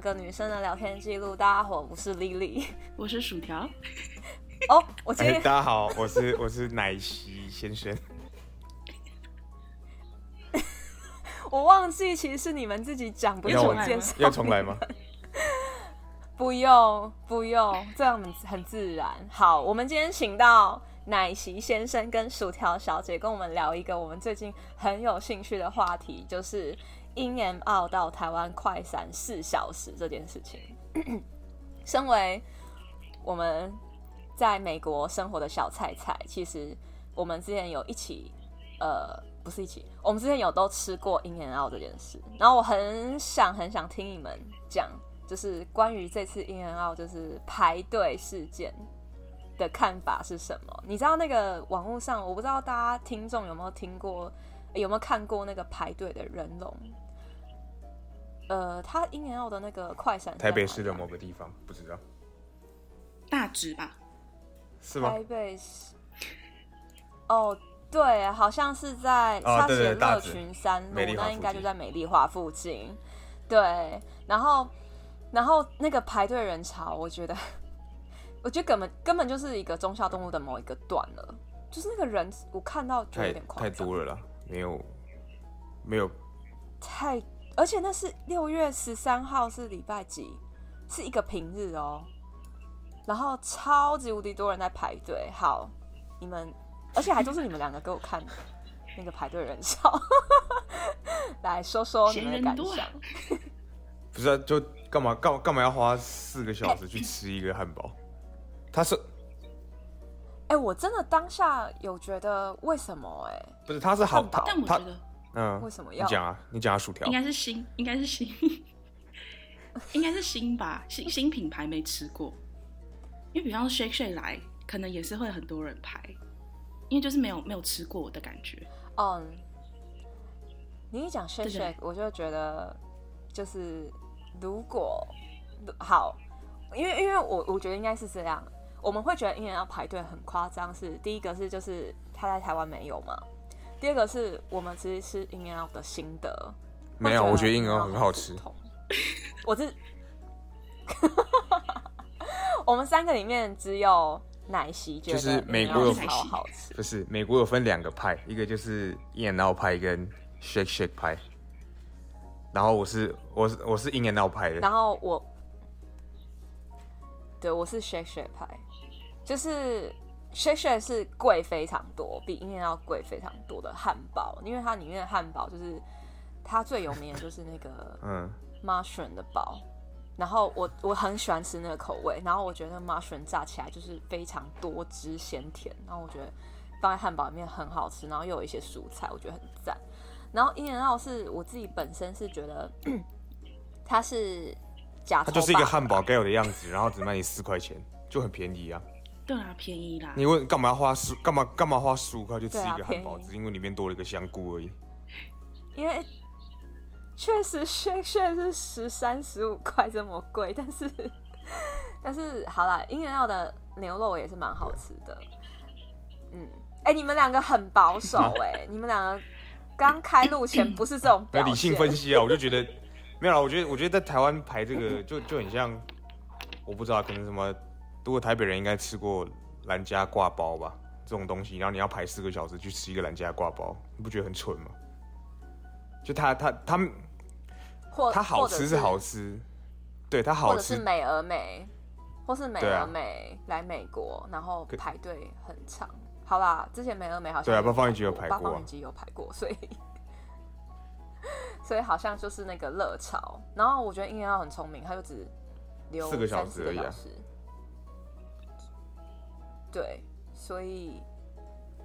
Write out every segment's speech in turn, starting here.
個女生的聊天記錄、oh, 欸，大家好，我是麗麗，我是薯條。哦，我今天大家好，我是我是奶昔先生。 我忘記，其實是你們自己講，不是我介紹。要重來嗎？來嗎 不用不用，這樣很很自然。好，我們今天請到奶昔先生跟薯條小姐，跟我們聊一個我們最近很有興趣的話題，就是。In-N-Out 到台灣快閃四小時，這件事情， 身為我們在美國生活的小菜菜，其實我們之前有一起，呃，不是一起，我們之前有都吃過 In-N-Out 這件事。然後我很想很想聽你們講，就是關於這次 In-N-Out 就是排隊事件的看法是什麼？你知道那個網絡上，我不知道大家聽眾有沒有聽過，有沒有看過那個排隊的人龍？呃，他 In-N-Out 的那個快閃，啊，台北市的某個地方不知道，大直吧？是嗎？台北市？哦、oh，對，對，對，好像是在他寫樂群三路，那應該就在美麗華附近。對，然後，然後那個排隊人潮，我覺得， 我覺得根本根本就是一個中小動物的某一個段了，就是那個人，我看到就有點誇張，太太多了了，沒有，沒有太。而且那是六月十三號，是禮拜幾？是一個平日哦、喔。然後超級無敵多人在排隊。好，你們，而且還都是你們兩個給我看的那個排隊人潮。 來說說你們的感想。 不是、啊，就幹嘛幹幹嘛要花四個小時去吃一個漢堡、欸？他是、欸，哎，我真的當下有覺得為什麼、欸？哎，不是，他是好他。嗯，為什麼要你講啊？你講啊薯、薯條應該是新、應該是新， 應該是新吧？新新品牌沒吃過，因為比方說 Shake Shake 來，可能也是會很多人排，因為就是沒有沒有吃過的感覺。嗯，你一講 Shake Shake，我就覺得就是如果好，因為因為我我覺得應該是這樣，我們會覺得因為要排隊很誇張，是第一個是就是他在台灣沒有嘛。第二個是我們其實吃 In-N-Out 的心得，沒有，我覺得 In-N-Out 很好吃。同，我是， 我們三個裡面只有奶昔，就是美國有超好吃。不，就是，美國有分兩個派，一個就是 In-N-Out 派跟 shake shake 派。然後我是我是我是 In-N-Out 派的，然後我，對我是 shake shake 派，就是。Shake Shack 是貴非常多，比 In-N-Out 要貴非常多的漢堡，因為它裡面的漢堡就是它最有名的就是那個 嗯，mushroom 的包，然後我我很喜歡吃那個口味，然後我覺得 mushroom 炸起來就是非常多汁鮮甜，然後我覺得放在漢堡裡面很好吃，然後又有一些蔬菜，我覺得很讚。然後 In-N-Out 是我自己本身是覺得它是假它就是一個漢堡該有的樣子， 然後只賣你四塊錢，就很便宜啊。對啦、啊，便宜啦。你問幹嘛要花十，幹嘛幹嘛花十五塊去吃一個漢堡、啊，只因為裡面多了一個香菇而已。因為確實雖雖然是十三十五塊這麼貴，但是但是好啦，In-N-Out 的牛肉也是蠻好吃的。嗯，哎，你們兩個很保守哎、欸， 你們兩個剛開錄前不是這種、啊、理性分析啊，我就覺得 沒有啦，我覺得我覺得在台灣排這個就就很像，我不知道可能什麼。如果台北人應該吃過藍家割包吧，這種東西，然後你要排四個小時去吃一個藍家割包，你不覺得很蠢嗎？就他他他們，他好吃是好吃，對，他好吃。或者是美而美，或是美而美、啊、來美國，然後排隊很長，好啦，之前美而美好像對啊，過，對啊，八方雲集有排過，八方雲集有排過，啊、所以 所以好像就是那個熱潮。然後我覺得 In-N-Out 很聰明，他就只留四個小時而已、啊。對，所以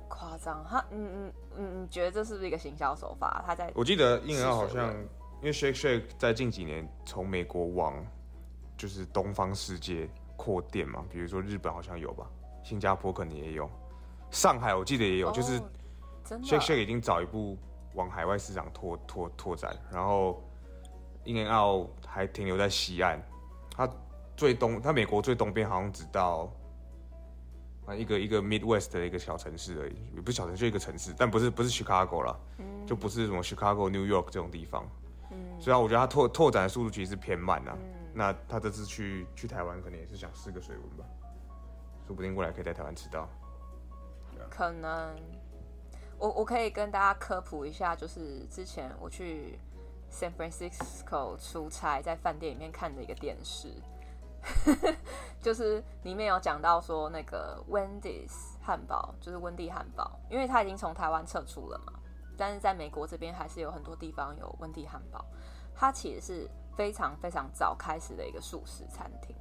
誇張哈，嗯嗯嗯，你覺得這是不是一個行銷手法？他在我記得 In-N-Out 好像因為 Shake Shake 在近幾年從美國往就是東方世界擴店嘛，比如說日本好像有吧，新加坡可能也有，上海我記得也有，oh, 就是 Shake Shake 已經早一步往海外市場拓拓拓展，然後 In-N-Out 還停留在西岸，它，最東它美國最東邊好像只到。啊，一個一個 Midwest 的一個小城市而已，也不是小城市，一個城市，但不是不是 Chicago 啦，嗯，就不是什麼 Chicago、New York 這種地方。嗯，所以、啊、我覺得他拓拓展的速度其實是偏慢啊。嗯、那他這次去去台灣，可能也是想試個水溫吧，說不定過來可以在台灣吃到。可能，我我可以跟大家科普一下，就是之前我去 San Francisco 出差，在飯店裡面看的一個電視。 就是裡面有講到說那個 Wendy's 漢堡，就是溫蒂漢堡，因為他已經從台灣撤出了嘛，但是在美國這邊還是有很多地方有溫蒂漢堡。它其實是非常非常早開始的一個速食餐廳，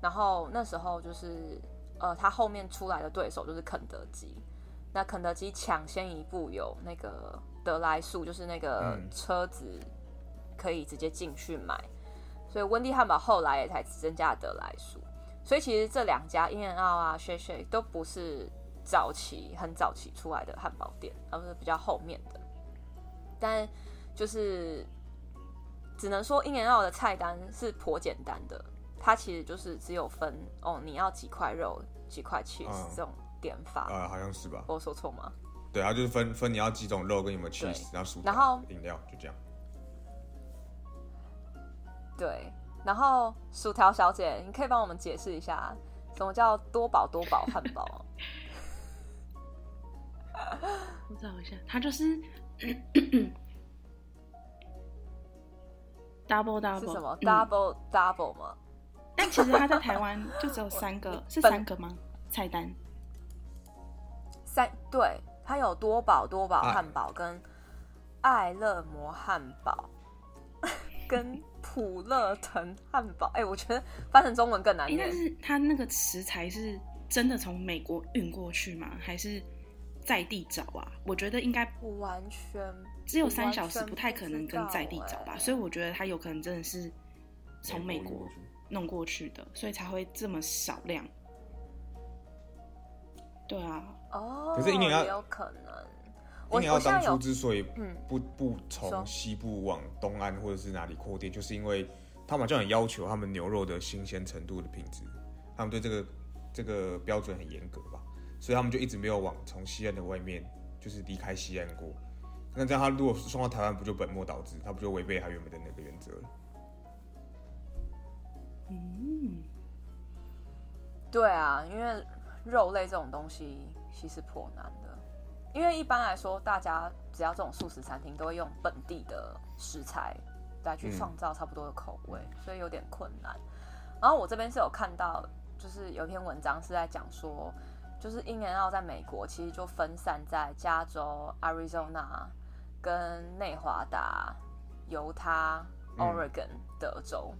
然後那時候就是呃，他後面出來的對手就是肯德基，那肯德基搶先一步有那個得來速，就是那個車子可以直接進去買。所以溫蒂漢堡後來也才增加得來速。所以其實這兩家 In-N-Out 啊、Shake Shack 都不是早期、很早期出來的漢堡店，而不是比較後面的。但就是只能說 In-N-Out 的菜單是頗簡單的，它其實就是只有分哦，你要幾塊肉、幾塊 cheese、嗯、這種點法。啊、嗯嗯，好像是吧？我說錯嗎？對啊，它就是分分你要幾種肉跟有沒有 cheese，然後飲料就這樣。對，然後薯條小姐，你可以幫我們解釋一下，什麼叫多寶多寶漢堡？我找一下，它就是 double double 是什麼 double double 嘛 double 嗎 但其實它在台灣就只有三個， 是三個嗎？菜單三對，它有多寶多寶漢堡跟愛樂摩漢堡 跟。普樂騰漢堡，哎、欸，我覺得翻成中文更難念。應、欸、是他那個食材是真的從美國運過去嗎？還是在地找啊？我覺得應該不完全只有三小時，不太可能跟在地找吧。欸、所以我覺得他有可能真的是從美國弄過去的，所以才會這麼少量。對啊，哦，可是因有可能。因為他當初之所以不、嗯、不從西部往東岸或者是哪裡擴店，就是因為他們就很要求他們牛肉的新鮮程度的品質，他們對這個這個標準很嚴格吧，所以他們就一直沒有往從西岸的外面就是離開西岸過。那這樣他如果送到台灣，不就本末倒置？他不就違背他原本的那個原則了？嗯，對啊，因為肉類這種東西其實頗難的。因為一般來說，大家只要這種素食餐廳都會用本地的食材來去創造差不多的口味、嗯，所以有點困難。然後我這邊是有看到，就是有一篇文章是在講說，就是 In-N-Out 在美國其實就分散在加州、Arizona 跟內華達、猶他、Oregon、嗯、德州，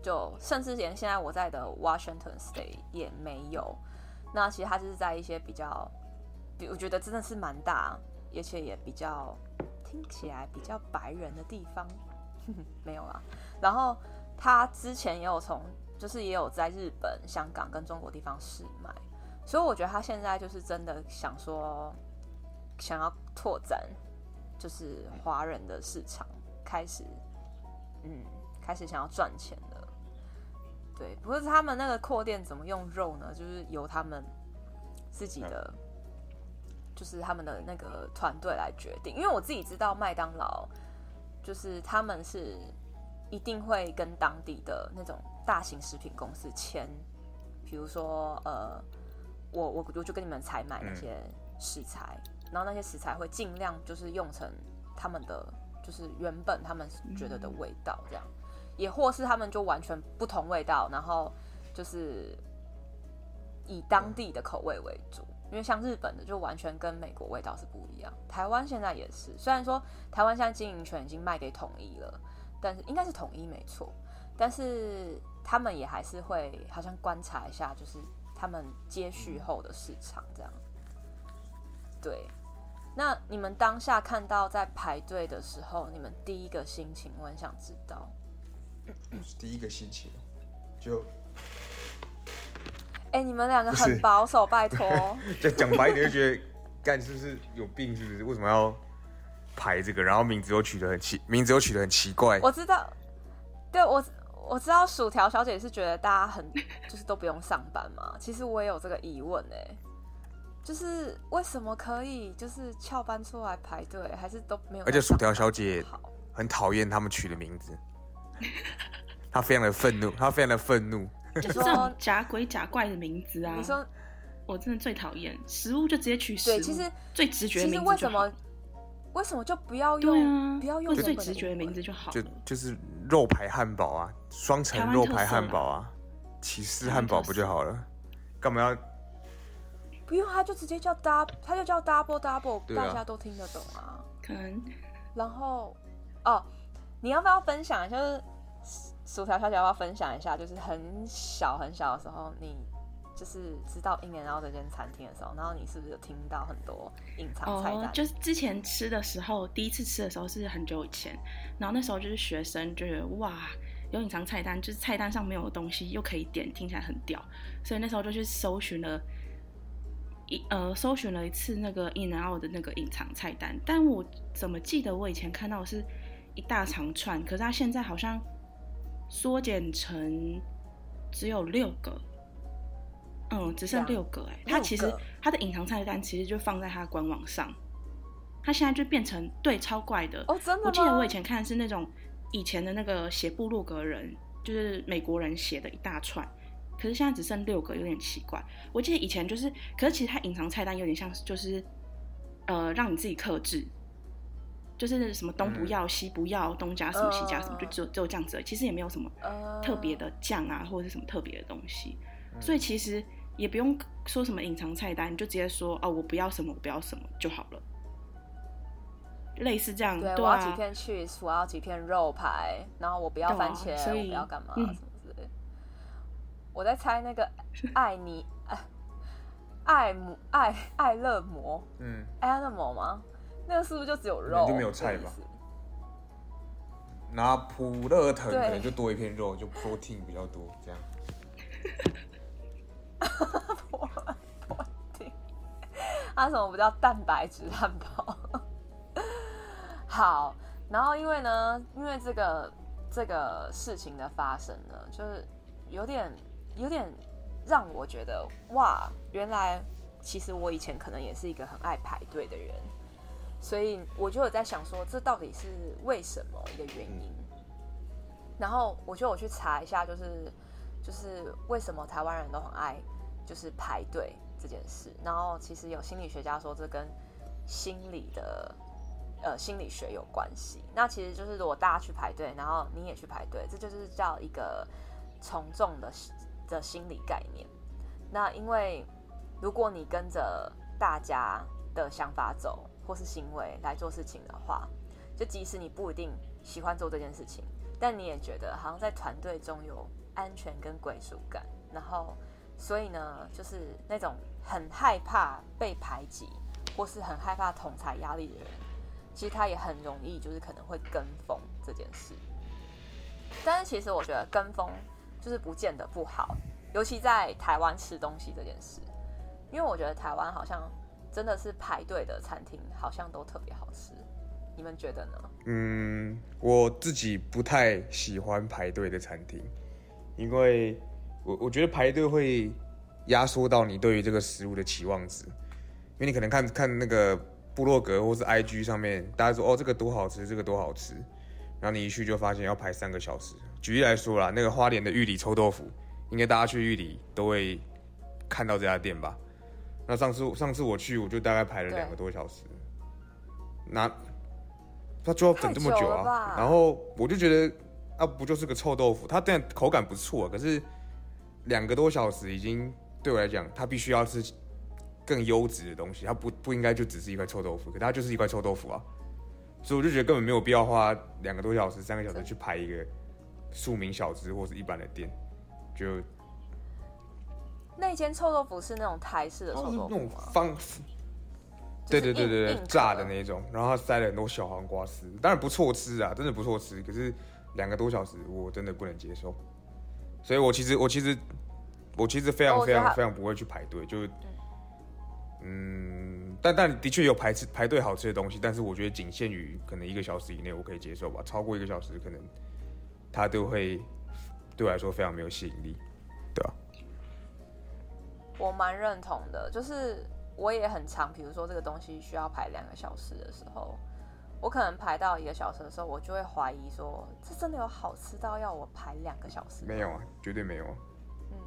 就甚至連現在我在的 Washington State 也沒有。那其實它就是在一些比較。我覺得真的是蠻大，而且也比較聽起來比較白人的地方， 沒有啦。然後他之前也有從，就是也有在日本、香港跟中國的地方試賣，所以我覺得他現在就是真的想說，想要拓展就是華人的市場，開始嗯，開始想要賺錢了。對，不過他們那個擴店怎麼用肉呢？就是由他們自己的。就是他們的那個團隊來決定，因為我自己知道麥當勞，就是他們是一定會跟當地的那種大型食品公司簽，比如說呃，我我我就跟你們採買那些食材，然後那些食材會盡量就是用成他們的就是原本他們覺得的味道，這樣，也或是他們就完全不同味道，然後就是以當地的口味為主。因為像日本的就完全跟美國味道是不一樣，台灣現在也是，雖然說台灣現在經營權已經賣給統一了，但是應該是統一沒錯，但是他們也還是會好像觀察一下，就是他們接續後的市場這樣。對，那你們當下看到在排隊的時候，你們第一個心情我很想知道。第一個心情就。哎、欸，你們兩個很保守，拜託。講 白一點就覺得幹 是不是有病？是不是為什麼要排這個？然後名字又取得很奇，名字又取得很奇怪。我知道，對我我知道，薯條小姐是覺得大家很就是都不用上班嘛。其實我也有這個疑問哎，就是為什麼可以就是翹班出來排隊，還是都沒有？而且薯條小姐很討厭他們取的名字，她 非常的憤怒，她非常的憤怒。就是這種假鬼假怪的名字啊！你說，我真的最討厭食物就直接取食。對，其實最直覺名字其實為什麼？為什麼就不要用？啊、不要用最直覺的名字就好了。就就是肉排漢堡啊，雙層肉排漢堡啊，起司漢堡不就好了？幹嘛要？不用，他就直接叫 double，他就叫 double double、啊、大家都聽得懂啊。可能，然後哦，你要不要分享一下？就是。薯條小姐，要不要分享一下，就是很小很小的時候，你就是知道 In-N-Out 這間餐廳的時候，然後你是不是有聽到很多隱藏菜單？哦，就是之前吃的時候，第一次吃的時候是很久以前，然後那時候就是學生，就覺得哇，有隱藏菜單，就是菜單上沒有的東西又可以點，聽起來很屌，所以那時候就去搜尋了，一呃，搜尋了一次那個 In-N-Out 的那個隱藏菜單，但我怎麼記得我以前看到的是一大長串，可是他現在好像。縮減成只有六個，嗯，只剩六個哎、欸。它其實它的隱藏菜單其實就放在它官網上，它現在就變成對超怪的哦，真的。我記得我以前看的是那種以前的那個寫部落格人，就是美國人寫的一大串，可是現在只剩六個，有點奇怪。我記得以前就是，可是其實它隱藏菜單有點像就是呃，讓你自己客製。就是什麼東不要西不要，東加什麼西加什麼，就只有只有這樣子。其實也沒有什麼特別的醬啊，或者是什麼特別的東西。所以其實也不用說什麼隱藏菜單，你就直接說哦，我不要什麼，我不要什麼就好了。類似這樣，對啊對。我要幾片起司，我要幾片肉排，然後我不要番茄，所以嗯、我不要幹嘛什麼之類，我在猜那個愛你，愛愛愛樂魔，嗯，Animal 嗎？那是不是就只有肉？就沒有菜吧？那、這個、普樂騰可能就多一片肉，就 protein 比較多這樣。哈 protein 它為什麼不叫蛋白質漢堡？好，然後因為呢，因為這個這個事情的發生呢，就是有點有點讓我覺得哇，原來其實我以前可能也是一個很愛排隊的人。所以我就有在想說這到底是為什麼一個原因。然後我就我去查一下，就是就是為什麼台灣人都很愛就是排隊這件事。然後其實有心理學家說，這跟心理的呃心理學有關係。那其實就是如果大家去排隊，然後你也去排隊，這就是叫一個從眾的的心理概念。那因為如果你跟着大家的想法走。或是行為來做事情的話，就即使你不一定喜歡做這件事情，但你也覺得好像在團隊中有安全跟歸屬感。然後，所以呢，就是那種很害怕被排擠，或是很害怕同儕壓力的人，其實他也很容易就是可能會跟風這件事。但是其實我覺得跟風就是不見得不好，尤其在台灣吃東西這件事，因為我覺得台灣好像。真的是排隊的餐廳，好像都特別好吃，你們覺得呢？嗯，我自己不太喜歡排隊的餐廳，因為我我覺得排隊會壓縮到你對於這個食物的期望值，因為你可能看看那個部落格或是 IG 上面，大家說哦這個多好吃，這個多好吃，然後你一去就發現要排三個小時。舉例來說啦，那個花蓮的玉里臭豆腐，應該大家去玉里都會看到這家店吧。那上次，上次我去，我就大概排了兩個多小時。那他就要等這麼久啊？然後我就覺得，那、啊、不就是個臭豆腐？它但口感不錯，可是兩個多小時已經對我來講，它必須要吃更優質的東西。它不不應該就只是一塊臭豆腐，可它就是一塊臭豆腐啊。所以我就覺得根本沒有必要花兩個多小時、三個小時去排一個庶民小吃，或是一般的店，就。那間臭豆腐是那種台式的臭豆腐嗎？那種放、就是，對對對對對，炸的那種、嗯，然後它塞了很多小黃瓜絲，當然不錯吃啊，真的不錯吃。可是兩個多小時我真的不能接受，所以我其實我其實我其實非常，非常非常非常不會去排隊，就是，嗯，但但的確有排吃排隊好吃的東西，但是我覺得僅限於可能一個小時以內我可以接受吧，超過一個小時可能他都會對我來說非常沒有吸引力。我蠻認同的，就是我也很常，比如說這個東西需要排兩個小時的時候，我可能排到一個小時的時候，我就會懷疑說，這真的有好吃到要我排兩個小時？沒有啊，絕對沒有啊。嗯。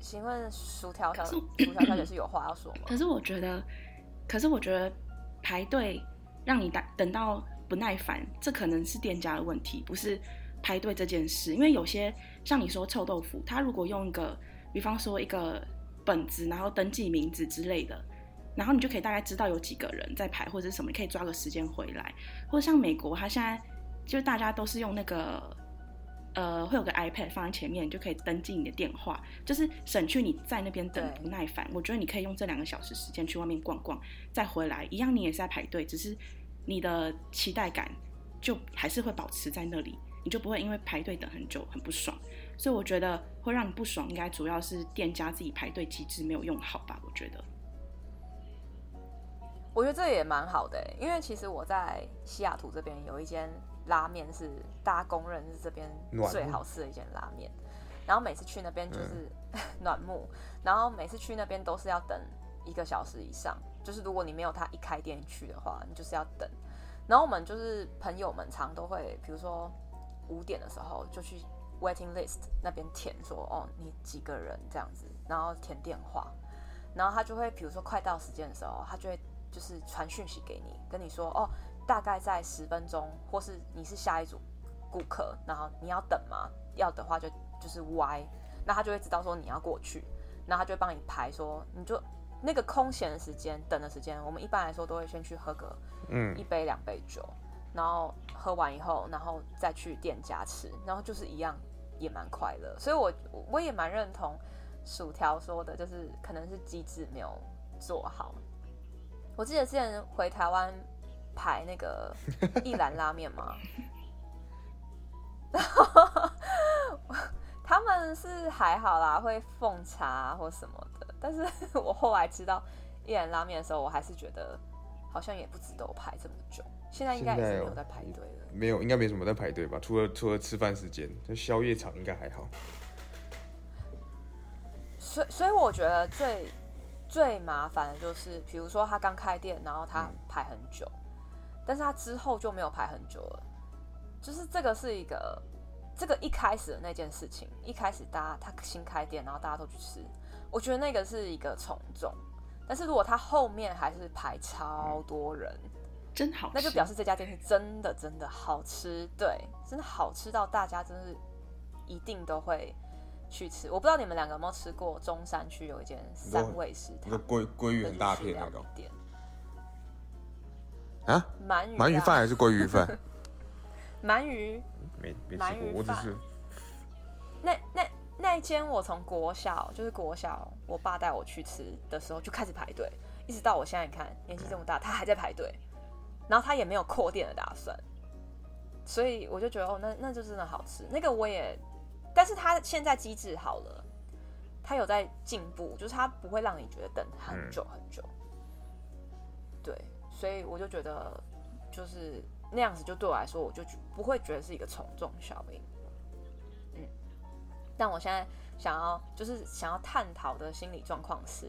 請問薯條小姐，薯條小姐是有話要說嗎？可是我覺得，可是我覺得排隊讓你等等到不耐煩，這可能是店家的問題，不是。排隊這件事，因為有些像你說臭豆腐，他如果用一個，比方說一個本子，然後登記名字之類的，然後你就可以大概知道有幾個人在排或者是什麼，你可以抓個時間回來。或者像美國，他現在就大家都是用那個，呃，會有個 iPad 放在前面，就可以登記你的電話，就是省去你在那邊等不耐煩。我覺得你可以用這兩個小時時間去外面逛逛，再回來，一樣你也是在排隊，只是你的期待感就還是會保持在那裡。你就不會因為排隊等很久很不爽，所以我覺得會讓你不爽應該主要是店家自己排隊機制沒有用好吧？我覺得，我覺得這也蠻好的，因為其實我在西雅圖這邊有一間拉麵是大家公認是這邊最好吃的一間拉麵，然後每次去那邊就是暖木，然後每次去那邊、嗯、都是要等一個小時以上，就是如果你沒有他一開店去的話，你就是要等，然後我們就是朋友們常都會，比如說。五點的時候就去 waiting list 那邊填說哦，你幾個人這樣子，然後填電話，然後他就會，比如說快到時間的時候，他就會就是傳訊息給你，跟你說哦，大概在十分鐘，或是你是下一組顧客，然後你要等嗎？要的話就就是 Y，那他就會知道說你要過去，然後他就會幫你排說，你就那個空閒的時間，等的時間，我們一般來說都會先去喝個嗯一杯兩杯酒。嗯然後喝完以後，然後再去店家吃，然後就是一樣，也蠻快樂。所以我，我我也蠻認同薯條說的，就是可能是機制沒有做好。我記得之前回台灣排那個一蘭拉麵嘛，然 後 他們是還好啦，會奉茶或什麼的。但是我後來吃到一蘭拉麵的時候，我還是覺得好像也不值得我排這麼久。現在應該也是沒有在排隊了。沒有，應該沒什麼在排隊吧，除了除了吃飯時間，就宵夜場應該還好。所以所以我覺得最最麻煩的就是，比如說他剛開店，然後他排很久，嗯，但是他之後就沒有排很久了，就是這個是一個這個一開始的那件事情，一開始大家他新開店，然後大家都去吃，我覺得那個是一個從眾，但是如果他後面還是排超多人，嗯真好，那就表示這家店是真的真的好吃，對，真的好吃到大家真是一定都會去吃。我不知道你們兩個有沒有吃過中山區有一間三味食堂，鮭、那個、鮭魚很大片那種鰻鰻、啊、魚飯還是鮭魚飯？鰻魚沒沒吃過，我只是那那那一間我從國小就是國小，我爸帶我去吃的時候就開始排隊，一直到我現在你看年紀這麼大、嗯，他還在排隊。然後他也沒有擴店的打算，所以我就覺得哦，那那就真的好吃。那個我也，但是他現在機制好了，他有在進步，就是他不會讓你覺得等很久很久。對，所以我就覺得就是那樣子，就對我來說，我就不會覺得是一個從眾效應。嗯，但我現在想要就是想要探討的心理狀況是，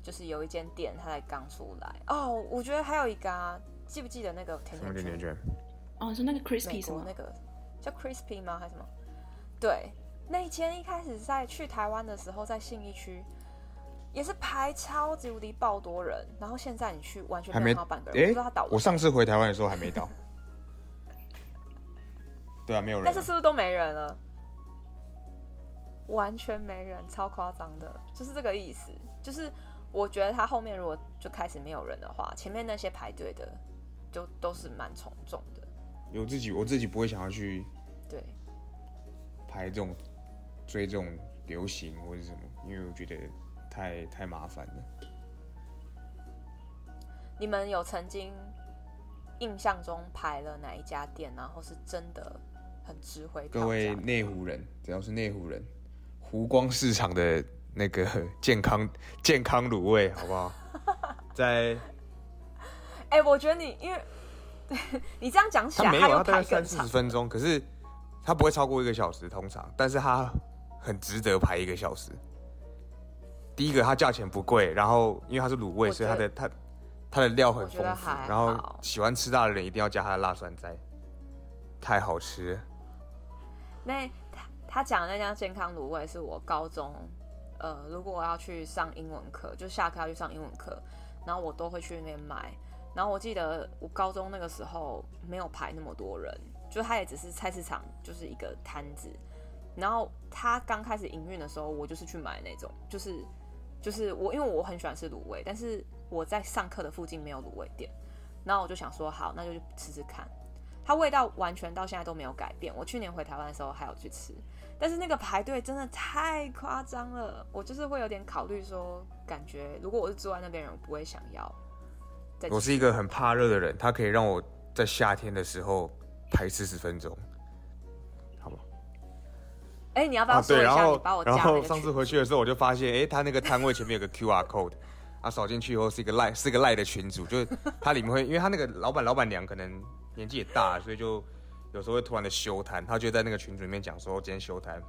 就是有一間店它才剛出來哦，我覺得還有一個啊。記不記得那個甜甜圈？哦，是那個 crispy、那個、嗎？那個叫 crispy 嗎？還是什麼？對，那一天一開始在去台灣的時候，在信義區也是排超級無敵爆多人，然後現在你去完全沒看到半個人，欸、我不知道他倒，倒我上次回台灣的時候還沒倒。 對啊，沒有人。但是是不是都沒人了？完全沒人，超誇張的，就是這個意思。就是我覺得他後面如果就開始沒有人的話，前面那些排隊的。都都是蠻從眾的，有自己，我自己不會想要去對，排這種追這種流行或是什麼，因為我覺得太太麻煩了。你們有曾經印象中排了哪一家店，然後是真的很智慧的？各位內湖人，只要是內湖人，湖光市場的那個健康健康滷味，好不好？ 在。哎、欸，我覺得你因為，對，你這樣講起來，他沒有他，他大概三四十分鐘，可是他不會超過一個小時，通常，但是他很值得排一個小時。第一個，它價錢不貴，然後因為它是滷味，所以它的它它的料很豐富，然後喜歡吃辣的人一定要加它的辣酸菜，太好吃了。那他他講的那家健康滷味是我高中，呃，如果我要去上英文課，就下課要去上英文課，然後我都會去那邊買。然後我記得我高中那個時候沒有排那麼多人，就它也只是菜市場就是一個攤子。然後它剛開始營運的時候，我就是去買那種，就是就是我因為我很喜歡吃滷味，但是我在上課的附近沒有滷味店，然後我就想說好，那就去吃吃看。它味道完全到現在都沒有改變。我去年回台灣的時候還有去吃，但是那個排隊真的太誇張了，我就是會有點考慮說，感覺如果我是住在那邊人，我不會想要。我是一個很怕熱的人，他可以讓我在夏天的時候排四十分鐘，好不？哎、欸，你要不要、啊、對，然後，然後上次回去的時候，我就發現，哎、欸，他那個攤位前面有個 QR code，啊，掃進去以後是一個賴，是個賴的群組，就是它裡面會，因為他那個老板老板娘可能年紀也大，所以就有時候會突然的休攤，他就在那個群組裡面講說今天休攤，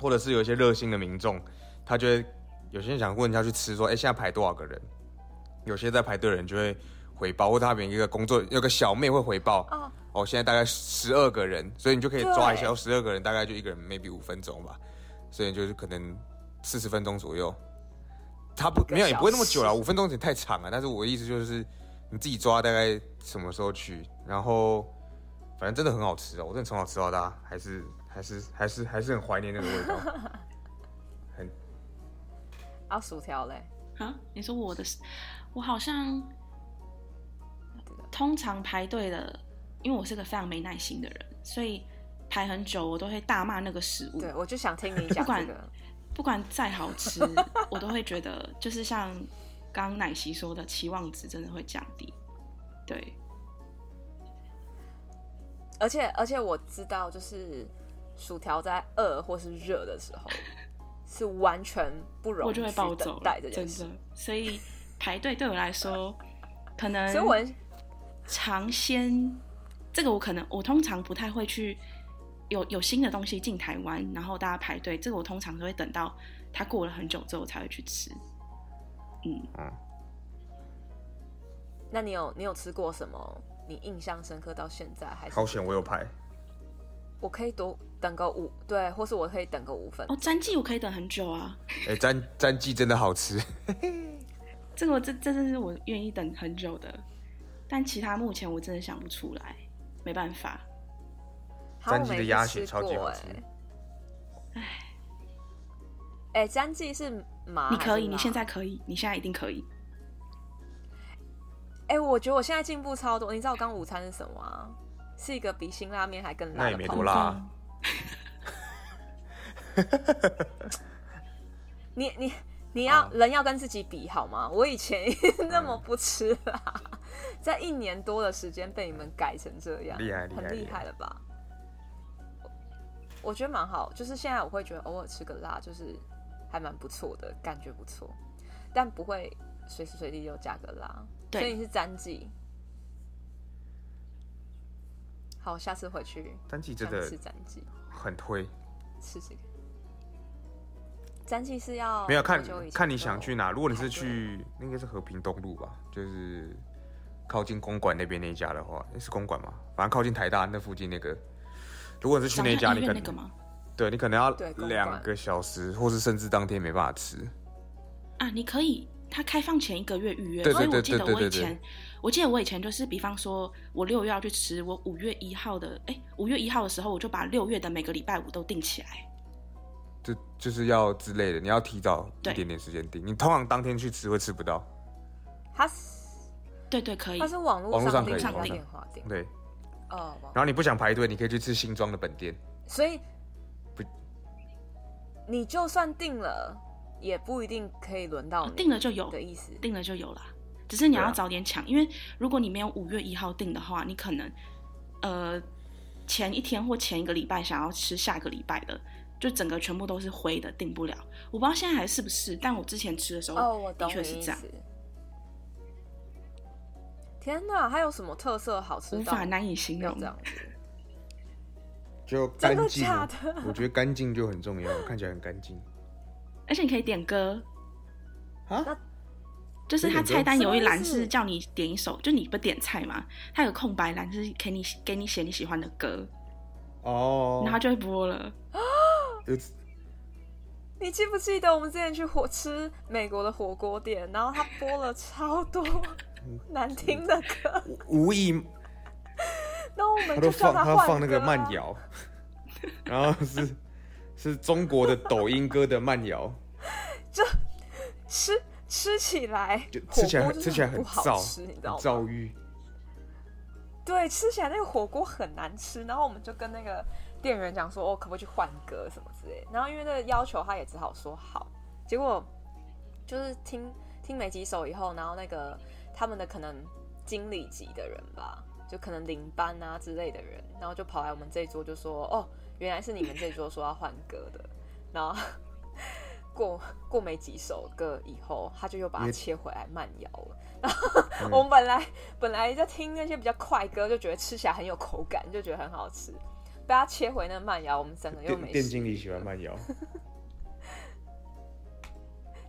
或者是有一些熱心的民眾，他就會有些人想問他去吃，說，哎、欸，現在排多少個人？有些在排隊的人就會回報，或者他每一個工作有個小妹會回報。Oh. 哦，現在大概十二個人，所以你就可以抓一下，十二個人大概就一個人 maybe 五分鐘吧，所以就是可能四十分鐘左右。他不沒有也不會那麼久了，五分鐘也太長了。但是我的意思就是你自己抓大概什麼時候去，然後反正真的很好吃啊、喔！我真的從小吃到大，還是還是還是還是很懷念那個味道，很。還 啊、薯條嘞。啊！你說我的，我好像通常排隊的，因為我是個非常沒耐心的人，所以排很久我都會大罵那個食物。對，我就想聽你講、這個。不管不管再好吃， 我都會覺得就是像剛剛奶昔說的，期望值真的會降低。對，而且而且我知道，就是薯條在餓或是熱的時候。是完全不容易等待這件事我就會暴走了，真的。所以排隊對我來說， 可能所以嘗鮮這個，我可能我通常不太會去。有有新的東西進台灣，然後大家排隊，這個我通常都會等到它過了很久之後我才會去吃。嗯、啊、那你有你有吃過什麼？你印象深刻到現在還是？好險，我有排。我可以多等個五對，或是我可以等個五分哦。詹記我可以等很久啊！哎、欸，詹詹記真的好吃， 這個我這這真的是我願意等很久的。但其他目前我真的想不出來，沒辦法。詹記的鴨血超級好吃。哎，哎，詹、欸、記是麻，你可以，你現在可以，你現在一定可以。哎、欸，我覺得我現在進步超多。你知道我剛午餐是什麼、啊？是一個比辛拉麵還更辣的。那也沒多辣，啊、 你你你要，啊、人要跟自己比好嗎？我以前 那麼不吃辣， 在一年多的時間被你們改成這樣，厲害厲害厲害了吧？我，我覺得蠻好，就是現在我會覺得偶爾吃個辣，就是還蠻不錯的，感覺不錯，但不會隨時隨地就加個辣。對，所以你是戰績。好，下次回去。詹記真的，是詹記很推。試試看。詹記是要沒有看，看你想去哪？如果你是去，那應該是和平東路吧，就是靠近公館那邊那一家的話，欸，是公館嗎？反正靠近台大那附近那個。如果你是去那一家你那，你可能，對你可能要兩個小時，或是甚至當天沒辦法吃。啊，你可以，他開放前一個月預約，所以我記得我以前對對對對對對。我記得我以前就是，比方說，我六月要去吃，我五月一號的，哎、欸，五月一號的時候，我就把六月的每個禮拜五都定起來，就就是要之類的，你要提早一點點時間定，你通常當天去吃會吃不到。它是，對對，對可以，它是網絡上，上可以上上定上電話對、哦好好，然後你不想排隊，你可以去吃新莊的本店。所以，你就算定了，也不一定可以輪到。定了就有的意思，定了就有了就有啦。只是你要，要早點搶、啊，因為如果你沒有五月一號訂的話，你可能，呃，前一天或前一個禮拜想要吃下一個禮拜的，就整個全部都是灰的，訂不了。我不知道現在還是不是，但我之前吃的時候，哦、我的確是這樣。天哪，還有什麼特色好吃到無法難以形容這樣子。就乾淨，我覺得乾淨就很重要，看起來很乾淨。而且你可以點歌啊。就是它菜單有一欄是叫你點一首，欸、你就你不點菜嘛，它有空白欄是給你給你寫你喜歡的歌，哦，哦，哦哦、然後就會播了。啊、你記不記得我們之前去火吃美國的火鍋店，然後他播了超多難聽的歌，嗯嗯、無，無意。那 我們就叫他，啊、他都放他都放那個慢搖，然後是是中國的抖音歌的慢搖，就。 是。吃起來就吃，就吃起來很不好吃，你知道嗎？遭遇，對，吃起來那個火鍋很難吃。然後我們就跟那個店員講說：“哦，可不可以去換歌什麼之類？”然後因為那個要求，他也只好說好。結果就是聽聽沒幾首以後，然後那個他們的可能經理級的人吧，就可能領班啊之類的人，然後就跑來我們這桌就說：“哦，原來是你們這桌說要換歌的。”然後。 過過沒幾首歌以後，他就又把它切回來慢搖了。然後我們本來、嗯、本來就聽那些比較快歌，就覺得吃起來很有口感，就覺得很好吃。被他切回那慢搖，我們整個又沒店經理喜歡慢搖。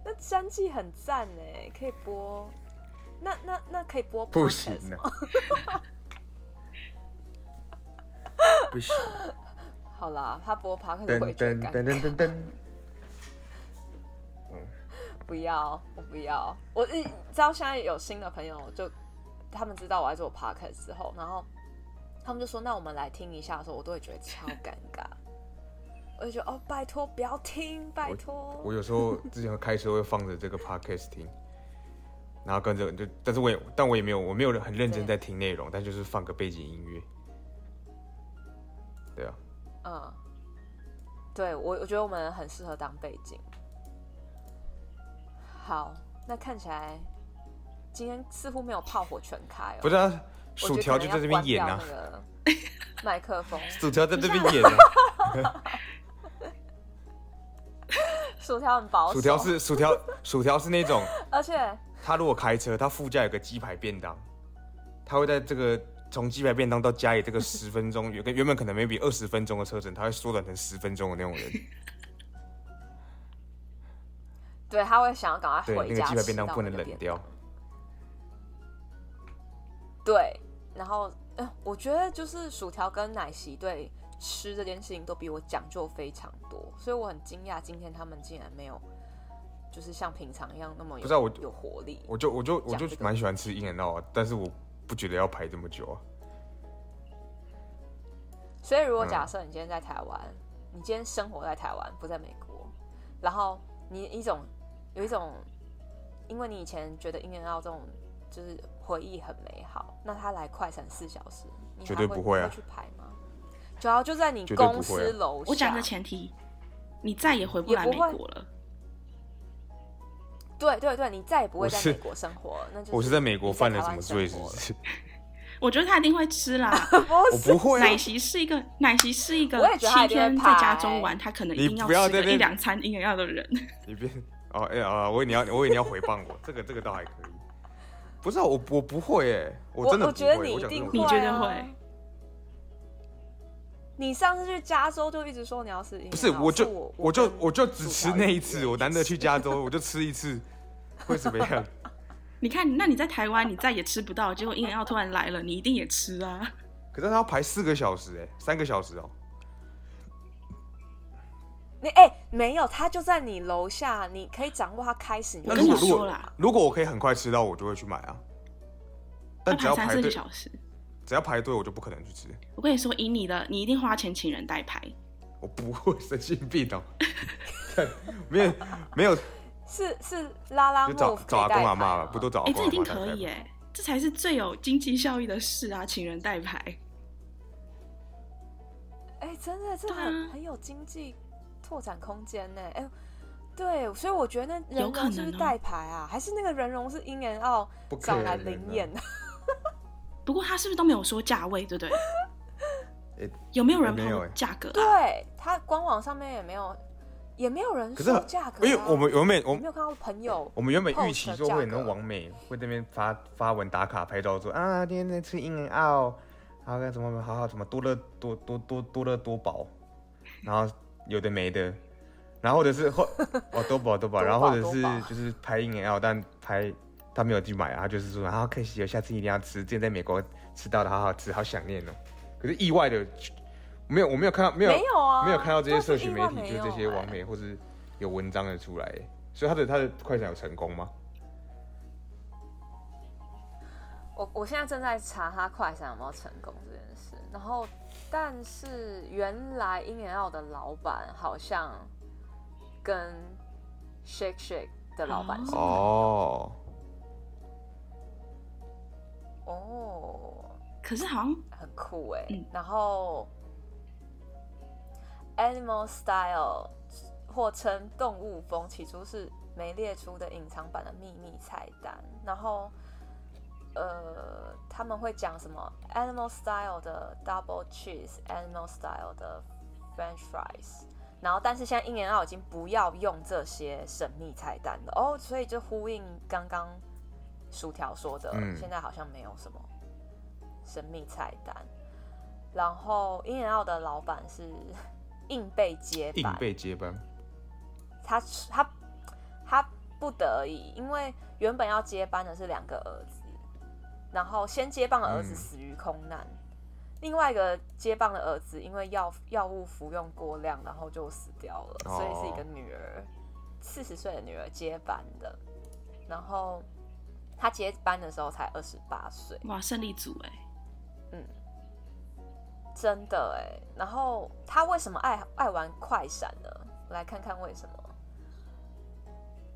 那詹記很讚哎，可以播。那那那，那可以播？不行呢， 不行。 好啦，他播他可是會。不要，我不要，我是知道現在有新的朋友，就他們知道我在做 podcast 之後，然後他們就說：“那我們來聽一下。”的時候，我都會覺得超尷尬，我就覺得：“哦，拜託，不要聽，拜託。”我，我有時候之前開車會放着這個 podcast 聽， 然後跟着就，但是我也，但我也沒有，我沒有很認真在聽內容，但就是放個背景音樂。對啊，嗯，對我，我覺得我們很適合當背景。好，那看起來今天似乎沒有炮火全開哦。不是，啊，薯條就在這邊演啊。麥克風，薯條在這邊演，啊啊 薯。薯條很保守，薯條是薯條，薯條是那種。而且，他如果開車，他副駕有個雞排便當，他會在這個從雞排便當到家裡這個十分鐘，原原本可能 maybe 二十分鐘的車程，他會縮短成十分鐘的那種人。對，他會想要趕快回家，那個，吃。對，不能冷掉。對，然後，哎、呃，我覺得就是薯條跟奶昔，對吃這件事情都比我講究非常多，所以我很驚訝，今天他們竟然沒有，就是像平常一樣那麼有不知道，啊、我有活力。我就我就我就蠻，這個，喜歡吃 In-N-Out，但是我不覺得要排這麼久啊。所以，如果假設你今天在台灣，嗯，你今天生活在台灣，不在美國，然後你一種。有一種，因為你以前覺得 In-N-Out 這種就是回憶很美好，那他來快閃四小時，你還會絕對不會啊，會去排嗎？主要就在你公司樓下。啊、我講的前提，你再也回不來美國了。對對對，你再也不會在美國生活，那就是我是在美國犯了什麼罪？ 我覺得他一定會吃啦， 不是 我不會。奶 昔是一個奶昔是一個七天在家中玩，他可能一定要,不要吃個一兩餐 In-N-Out 的人。 你別。哦、哎呀、欸，我以為你要，我以為你要回放我， 這個這個倒還可以。不是、啊、我我不會哎，我真的不會。我講什你，一定會、啊、真的你覺得會、啊？你上次去加州就一直說你要吃，不是？我就我，我，我就我就只吃那一次，我難得去加州，我就吃一次， 會怎麼樣？你看，那你在台灣你再也吃不到，結果 In-N-Out 突然來了，你一定也吃啊。可是他要排四個小時哎，三個小時哦、喔。你哎、欸，沒有，他就在你樓下，你可以掌握他開始。那跟你說如果如啦，如果我可以很快吃到，我就會去買啊。但只要排隊，只要排隊，排隊我就不可能去吃。我跟你說，以你的，你一定花錢請人代排。我不會神經病的，喔， 沒有沒有 ，是是拉拉木找找阿公阿媽了，喔，不都找阿公阿？哎、欸，這一定可以哎，這才是最有經濟效益的事啊！請人代排。哎、欸，真的是很，啊、很有經濟。拓展空間呢？哎、欸，對，所以我覺得人、啊、有可能是代牌啊？還是那個人龍是 In-N-Out 找來靈眼的不、啊？ 不過他是不是都沒有說價位，對不對？欸、有沒有人跑價格、啊欸欸？對他官網上面也沒有，也沒有人說價格、啊。因有、欸、我們原本我沒有看到朋友，我們原本預期說會能完美，會那邊發發文打卡拍照說啊，今天在吃 In-N-Out，然後什麼什麼，好好什麼多樂多多多多樂多寶，然後。有的沒的，然後或者是或哦多寶多寶，然後或者是就是拍硬 L，但拍他沒有去買啊，然後就是說好可惜我下次一定要吃，之前在，在美國吃到的好好吃，好想念哦。可是意外的，沒有我沒有看到沒有沒有啊沒有看到這些社群媒體，就，是、就這些網媒、欸、或是有文章的出來，所以他的他的快閃有成功嗎？我我現在正在查他快閃有沒有成功這件事，然後。但是原來 In-N-Out 的老闆好像跟 Shake Shake 的老闆是哦哦，oh. Oh, 可是好像很酷哎、欸。然後、嗯、Animal Style 或稱動物風，起初是沒列出的隱藏版的秘密菜單，然後。呃，他們會講什麼 Animal Style 的 Double Cheese、Animal Style 的 French Fries，然後但是現在 In-N-Out 已經不要用這些神秘菜單了哦，所以就呼應剛剛薯條說的，嗯，現在好像沒有什麼神秘菜單。然後 In-N-Out 的老闆是硬被接班硬被接班，他他他不得已，因為原本要接班的是兩個兒子。然後，先接棒的兒子死於空難。嗯，另外一個接棒的兒子因為藥藥物服用過量，然後就死掉了。哦。所以是一個女兒，四十歲的女兒接班的。然後他接班的時候才二十八歲。哇，勝利組哎，嗯，真的哎。然後他為什麼愛愛玩快閃呢？我來看看為什麼。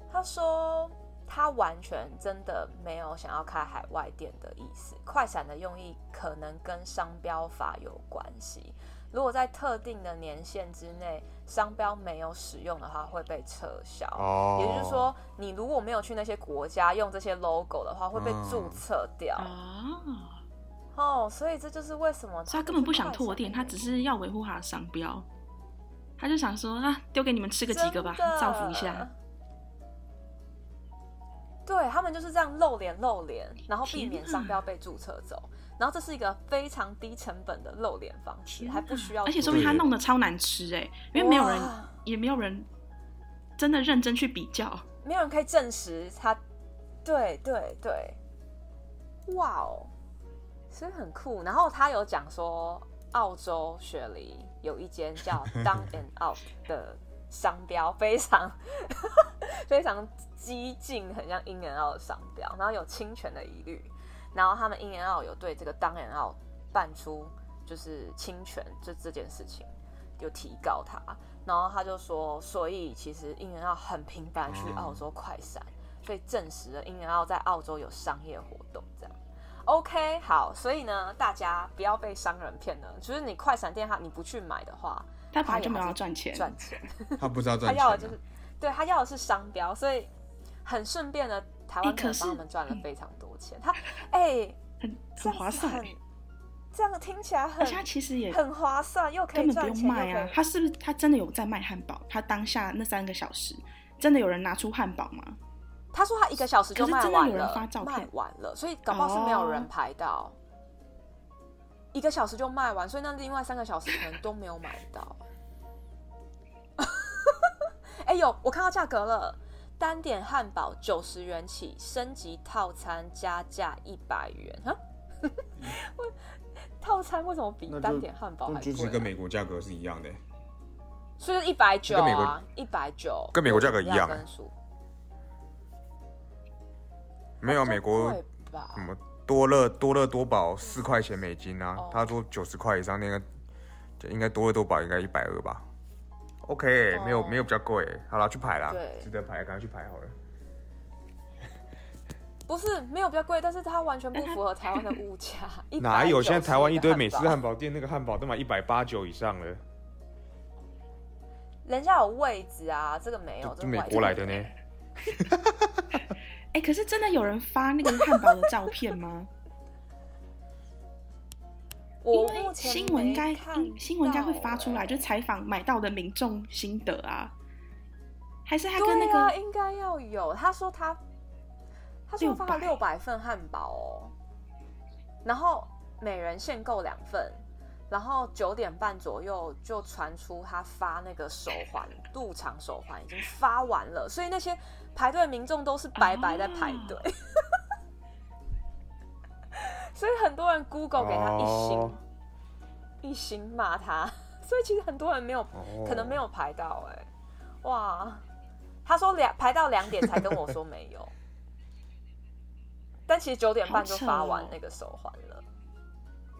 他說。他完全真的沒有想要開海外店的意思，快閃的用意可能跟商標法有關係。如果在特定的年限之內商標沒有使用的話，會被撤銷。Oh. 也就是說，你如果沒有去那些國家用這些 logo 的話，會被注冊掉。哦、oh. oh.，oh, 所以這就是為什麼他,他根本不想拓店，他只是要維護他的商標。他就想說啊，丟給你們吃個幾個吧，造福一下。對他們就是這樣露臉露臉，然後避免商標被注冊走，然後這是一個非常低成本的露臉方式，還不需要。而且說明他弄得超難吃哎，因為沒有人也沒有人真的認真去比較，沒有人可以證實他。對對對,對，哇哦，所以很酷。然後他有講說，澳洲雪梨有一間叫 Down and Out 的。商標非常 非常激進，很像 In-N-Out 的商標，然後有侵權的疑慮，然後他們 In-N-Out 有對這個 Down-N-Out 辦出就是侵權這這件事情，有提告他，然後他就說，所以其實 In-N-Out 很頻繁去澳洲快閃，所以證實了 In-N-Out 在澳洲有商業活動這樣。OK，好，所以呢，大家不要被商人騙了，就是你快閃店話你不去買的話。他本來就沒有要賺錢，賺錢。他不知道賺錢， 他要的就是，對他要的是商標，所以很順便的，台灣客幫他們賺了非常多錢。他哎、欸，很很划算這樣子很，這樣聽起來很，而且他其實也很划算，又可以賺錢。賣、啊、他是不是他真的有在賣漢堡？他當下那三個小時真的有人拿出漢堡嗎？他說他一個小時就賣完了，有人發照片賣完了，所以搞不好是沒有人排到。哦一個小時就賣完，所以那另外三個小時可能都沒有買到、啊。哎 呦、欸，我看到價格了，單點漢堡九十元起，升級套餐加價一百元。 套餐為什麼比單點漢堡還貴？就，我就是跟美國價格是一樣的、欸，所以是一百九，美國一百九，跟美國價格一樣、欸。沒有美國什麼？多樂多樂多寶四塊錢美金啊！哦、他說九十塊以上那個，應該多樂多寶，應該一百二吧？OK，、哦、沒有沒有比較貴。好了，去排啦，對值得排，趕快去排好了。不是沒有比較貴，但是它完全不符合台灣的物價。 哪有？現在台灣一堆美式漢堡店，那個漢堡都買一百八九以上了。人家有位置啊，這個沒有，就美國來的呢。這個 哎，可是真的有人發那個漢堡的照片嗎？ 我目前新聞應該看，新聞應該會發出來，就採訪買到的民眾心得啊，還是他跟那個、啊、應該要有？他說他，他說發了六百份漢堡哦，然後每人限購兩份，然後九點半左右就傳出他發那個手環，入場手環已經發完了，所以那些。排隊的民眾都是白白在排隊，oh.， 所以很多人 Google 給他一星，一星罵他，所以其實很多人沒有，可能沒有排到。哎，哇，他說，兩排到兩點才跟我說沒有，但其實九點半就發完那個手環了。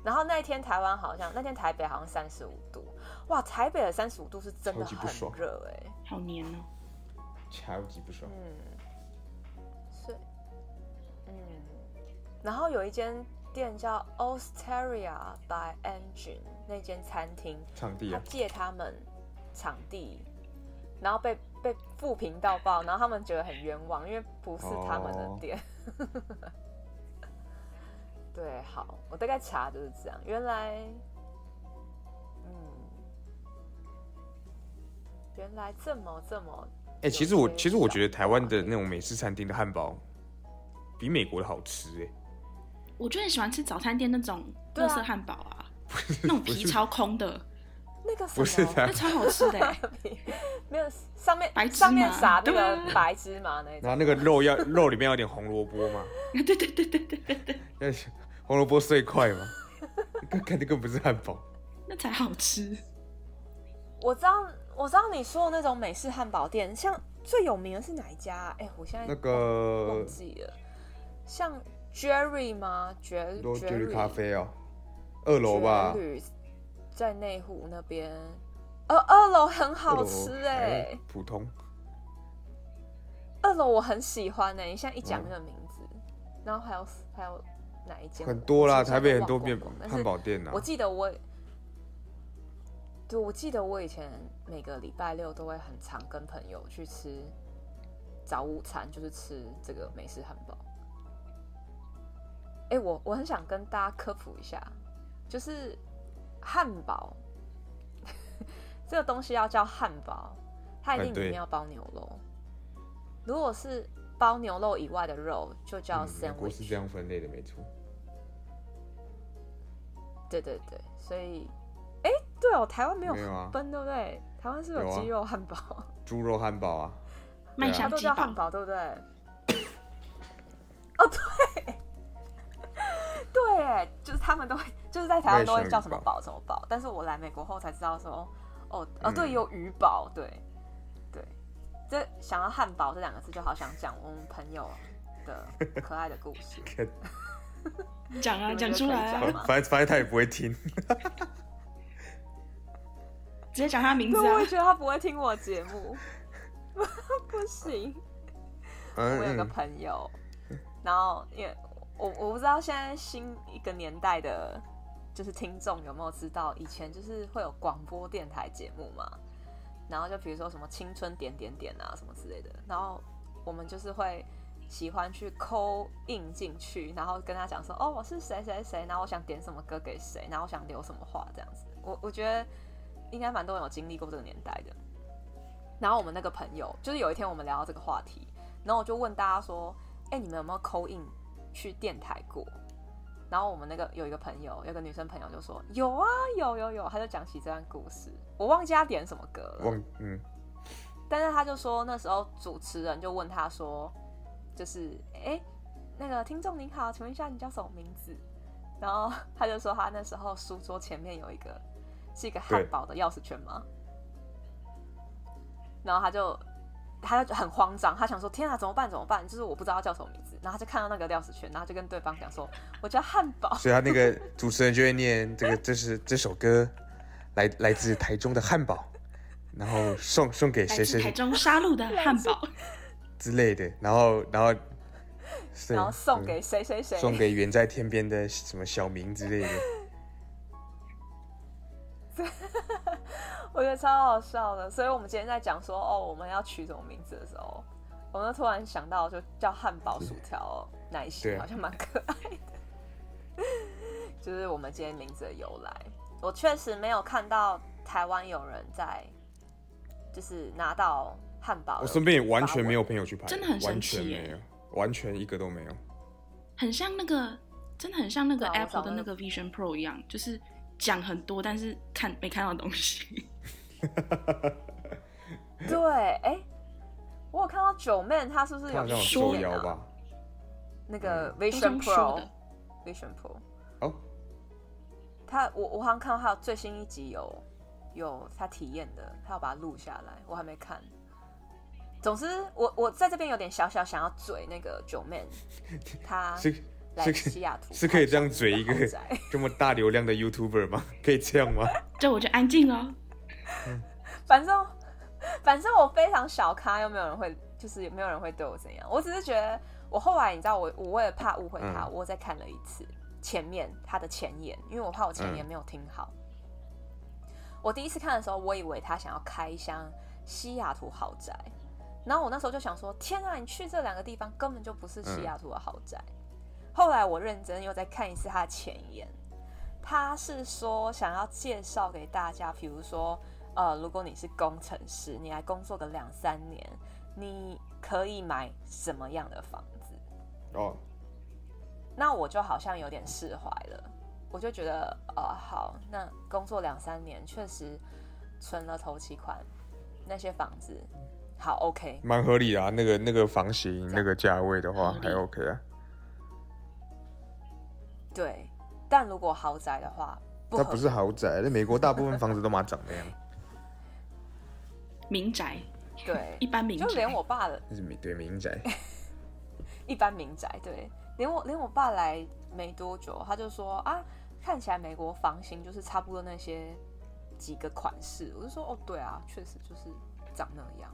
然後那一天台灣好像，那天台北好像三十五度，哇，台北的三十五度是真的很熱哎，好黏哦。超級不爽。嗯。是，嗯。然後有一間店叫 Osteria by Engine 那間餐廳，場地、啊、他借他們場地，然後被被負評到爆，然後他們覺得很冤枉，因為不是他們的店。Oh. 對，好，我大概查就是這樣。原來，嗯，原來這麼這麼。哎、欸，其實我其實我覺得台灣的那種美式餐廳的漢堡，比美國的好吃哎。我就很喜歡吃早餐店那種特色漢堡啊，不是，不是，那種皮超空的，那個什麼，那個、超好吃的哎，沒有上面白芝麻上面撒那個白芝麻那種，然後那個肉要肉裡面要有點紅蘿蔔嘛，對對對對對對對，紅蘿蔔碎塊嘛，看那個不是漢堡，那才好吃。我知道。我知道你說的那種美式漢堡店，像最有名的是哪一家？哎、欸，我現在那個、哦、忘記了。像 Jerry 嗎？Jerry 咖啡哦，二樓吧，Jerry、在內湖那邊。呃、哦，二樓很好吃哎、欸，普通。二樓我很喜歡的、欸，你現在一講那個名字、嗯，然後還有還有哪一家？很多啦，台北很多便漢堡店吶。我記得我。對，我記得我以前每個禮拜六都會很常跟朋友去吃早午餐，就是吃這個美式漢堡。哎，我我很想跟大家科普一下，就是漢堡呵呵這個東西要叫漢堡，它一定裡面要包牛肉。嗯、如果是包牛肉以外的肉，就叫 sandwich。我、嗯、是這樣分類的，沒錯。對對對，所以。哎、欸，對哦，台灣沒有分、啊，對不對？台灣是有雞肉漢堡、啊、 豬肉漢堡啊，麥香、啊、都叫漢堡， 對不對？哦，對， 對，就是他們都會，就是在台灣都會叫什麼堡什麼堡。但是我來美國後才知道說，哦，啊、哦，對、嗯，有魚堡，對，對。這想要漢堡這兩個字，就好想講我們朋友的可愛的故事。 講，啊 講，講啊，講出來啊，反正反正他也不會聽。 直接講他名字啊。我也覺得他不會聽我節目 不，不行。 我有個朋友，然後也我我不知道現在新一個年代的，就是聽眾有沒有知道，以前就是會有廣播電台節目嘛，然後就比如說什麼青春點點點啊什麼之類的，然後我們就是會喜歡去 call in 進去，然後跟他講說，哦，我是誰誰誰，然後我想點什麼歌給誰，然後我想留什麼話這樣子。我我覺得。應該蠻多人都有經歷過這個年代的。然後我們那個朋友，就是有一天我們聊到這個話題，然後我就問大家說：“哎、欸，你們有沒有 call in 去電台過？”然後我們那個有一個朋友，有個女生朋友就說：“有啊，有有有。”他就講起這段故事，我忘記她點什麼歌了，嗯。但是他就說那時候主持人就問他說：“就是哎、欸，那個聽眾您好，請問一下你叫什麼名字？”然後他就說他那時候書桌前面有一個。是一個漢堡的鑰匙圈嗎？然後他就，他就很慌張，他想說：“天啊，怎麼辦？怎麼辦？”就是我不知道他叫什麼名字，然後他就看到那個鑰匙圈，然後就跟對方講說：“我叫漢堡。”所以他那個主持人就會念、這個 這是：“這個這是這首歌，來來自台中的漢堡，然後送送給誰誰。”中沙鹿的漢堡之類的，然後然後，然後送給誰誰誰，送給遠在天邊的什麼小明之類的。 我覺得超好笑的，所以我們今天在講說哦，我們要取什麼名字的時候，我們突然想到就叫漢堡薯條奶昔，好像蠻可愛的。 就是我們今天名字的由來，我確實沒有看到台灣有人在，就是拿到漢堡。我身邊也完全沒有朋友去拍，真的很神奇，完全沒有，完全一個都沒有。很像那個，真的很像那個 Apple 的那個 Vision Pro 一樣，就是。講很多，但是看沒看到東西。 對，哎、欸，我有看到 Joeman，他是不是有說腰、啊、吧？那個 Vision Pro，Vision、嗯、Pro。哦、oh?。他，我我好像看到他有最新一集有，有有他體驗的，他要把它錄下來，我還沒看。總之，我我在這邊有點小小想要嘴那個 Joeman， 他。西雅圖是可以這樣嘴一個這麼大流量的 YouTuber 嗎？可以這樣嗎？這我就安靜了、嗯。反正反正我非常小咖，又沒有人會，就是沒有人會對我怎樣。我只是覺得，我後來你知道我，我我為了怕誤會他、嗯，我再看了一次前面他的前言，因為我怕我前言沒有聽好、嗯。我第一次看的時候，我以為他想要開箱西雅圖豪宅，然後我那時候就想說：天啊，你去這兩個地方根本就不是西雅圖的豪宅。嗯後來我認真又再看一次他的前言，他是說想要介紹給大家，比如說，呃，如果你是工程師，你來工作個兩三年，你可以買什麼樣的房子？哦，那我就好像有點釋懷了，我就覺得，呃，好，那工作兩三年確實存了頭期款，那些房子，好，OK，蠻合理的啊，那個那個房型，那個價位的話，還 OK 啊。嗯對，但如果豪宅的話，它不，不是豪宅。那美國大部分房子都蠻長的樣，民 宅，對，一般民宅，就連我爸的，那是民對民名宅， 一般民宅，對，連我連我爸來沒多久，他就說啊，看起來美國房型就是差不多那些幾個款式。我就說哦，對啊，確實就是長那樣。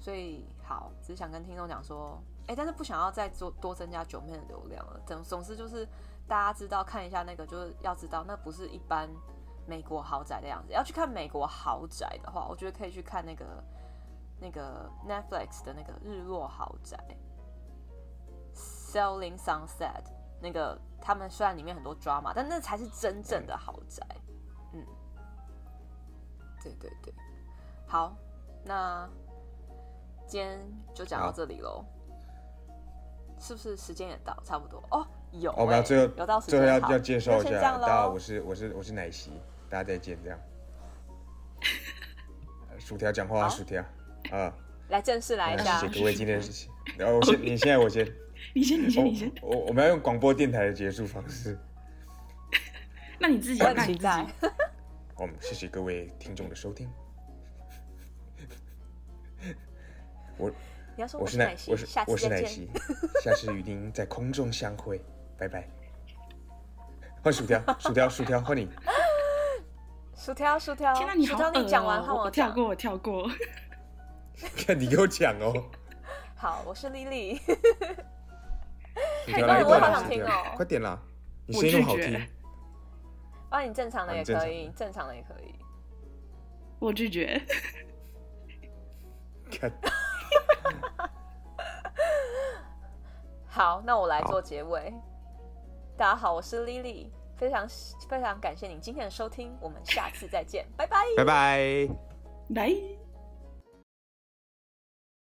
所以好，只想跟聽眾講說，哎、欸，但是不想要再多多增加九面的流量了，總總之就是。大家知道看一下那個，就是要知道那不是一般美國豪宅的樣子。要去看美國豪宅的話，我覺得可以去看那個那個 Netflix 的那個《日落豪宅》（Selling Sunset）。那個他們雖然裡面很多 drama，但那才是真正的豪宅。嗯，嗯對對對，好，那今天就講到這裡嘍，是不是時間也到差不多哦？有、欸哦，我們最後最後要要介紹一下，大家好，我是我是我是奶昔，大家再見，這樣。薯條講話、啊，薯、啊、條，啊！來正式來一下，啊啊、謝謝各位今天的事情，然後、哦、我先， 你現在我先，你先、哦，你先，你先，我我，我們要用廣播電台的結束方式， 那你自己來、啊，我們、哦、謝謝各位聽眾的收聽， 我我是奶昔，我是我是奶昔，下次與您 在空中相會。拜拜！換薯條，薯條，薯條換你。薯條，薯條，天哪、啊，你薯條、喔，你講完後我，我跳過，我跳過。看 你給我講哦、喔。好，我是麗麗。 你來我好想聽哦、喔喔！快點啦！你聲音好聽我拒絕。啊，你正常的也可以，正常的也可以。我拒絕。 好，那我來做結尾。大家好，我是 Lily，非常非常感謝您今天的收聽，我們下次再見，拜 拜，拜拜，bye.